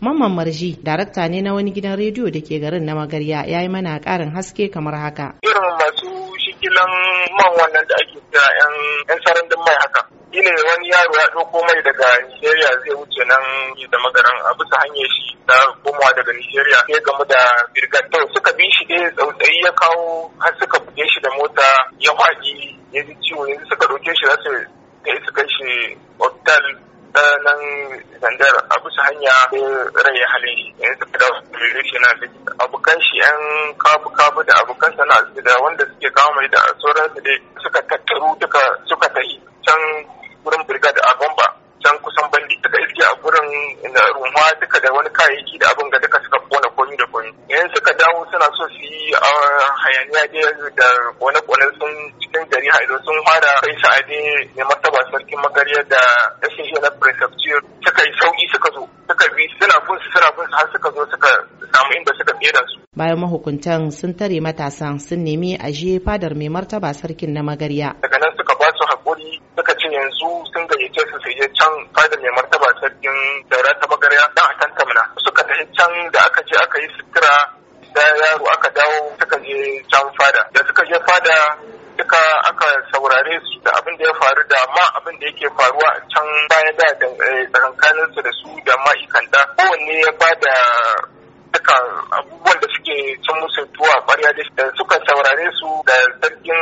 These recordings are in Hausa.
Mamman Marji, darakta ne na wani gidan rediyo da ke garin na Magarya, ya yi mana ƙarin haske kamar haka. Irin masu shigilan man wannan da ake kira 'yan sarandin mai haka. Ine wani yaro ya ɗauko mai daga Nigeria zai wuce nan da magaran a bisa hanyar shi ta komawa daga Nigeria sai gamu da birgatau suka bi shi ɗaya tsautsayi ya kawo har suka buge shi da mota ya faɗi ya ji ciwo yanzu suka ɗauke shi za su kai su kai shi hospital nan zandar a bisa hanya rai hali yanzu da shi na abokan shi yan kafu kafu da abokan sana da wanda suke kawo mai da su dai suka tattaru duka suka tafi can wurin birga da agomba can kusan bandi daga iske a gurin ruwa duka da wani kayayyaki da abin ga yan suka dawo suna so su yi ah, hayaniya da wani kwanar sun cikin gari haido sun fara kai sa'adi ne martaba sarkin magariya da SSG na prefecture suka yi sauki suka zo suka bi suna bin suna bin har suka zo suka samu inda suka fiye da su. Bayan mahukuntan sun tare matasan sun nemi a je fadar mai martaba sarkin na magariya. Daga nan suka ba su haƙuri suka ce yanzu sun gayyace su su je can fadar mai martaba sarkin daura ta magariya dan a tantamna suka tafi can da aka je aka yi su mota da yaro aka dawo suka je can fada da suka je fada duka aka saurare su da abin da ya faru da ma abin da yake faruwa a can baya da eh, tsakankanin su da su da ma'aikanta kowanne ya ba da duka abubuwan da suke cin musu tuwa kwarya da suka saurare su da sarkin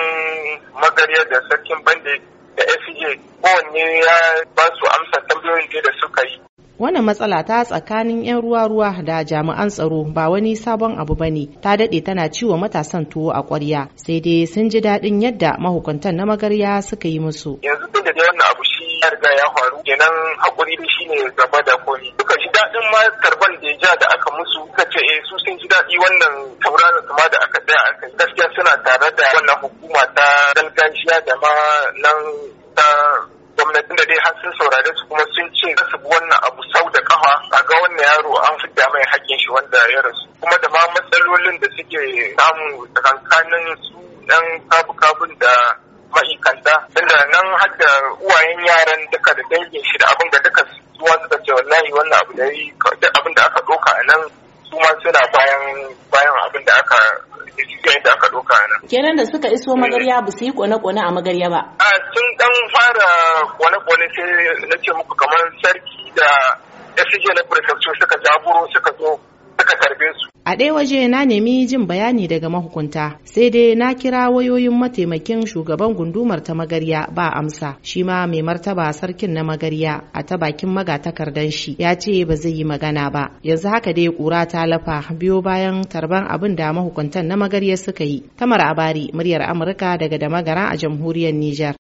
magariya da sarkin bande da fj kowanne ya ba su amsa tambayoyin da suka yi Wannan matsala ta tsakanin 'yan ruwa-ruwa da jami'an tsaro ba wani sabon abu ba ne, ta daɗe tana ciwo matasan tuwo a ƙwarya, sai dai sun ji daɗin yadda mahukuntan na magarya suka yi musu. Yanzu tun da wannan abu shi ya riga ya faru, kenan hakuri shi ne gaba da koli. suka ji daɗin ma karban da ja da aka musu, suka ce eh su sun ji daɗi wannan tauraron su da aka tsaya aka gaskiya suna tare da wannan hukuma ta gargajiya da ma nan ta dai har sun saurare su kuma sun ce za su bi wannan abu sau da kafa a ga wannan yaro an fidda mai hakkin shi wanda ya rasu kuma da ma matsalolin da suke samu tsakankanin su yan kabu-kabun da ma'aikanta tunda nan har da uwayen yaran duka da dangin shi da abin da duka suwa suka ce wallahi wannan abu da yi abin da aka ɗauka a nan su ma suna bayan bayan abin da aka da aka doka a nan kenan da suka iso magarya ba su yi kone-kone a magarya ba a sun dan fara ne na ce muku kamar sarki da FJ na prefecture suka jaburo suka zo suka su. A ɗaya waje na nemi jin bayani daga mahukunta sai dai na kira wayoyin mataimakin shugaban gundumar ta magarya ba amsa shi ma mai martaba sarkin na magarya a ta bakin magatakardan shi ya ce ba zai yi magana ba yanzu haka dai kura ta lafa biyo bayan tarban abin da mahukuntan na magarya suka yi tamar abari muryar amurka daga da magara a jamhuriyar Nijar.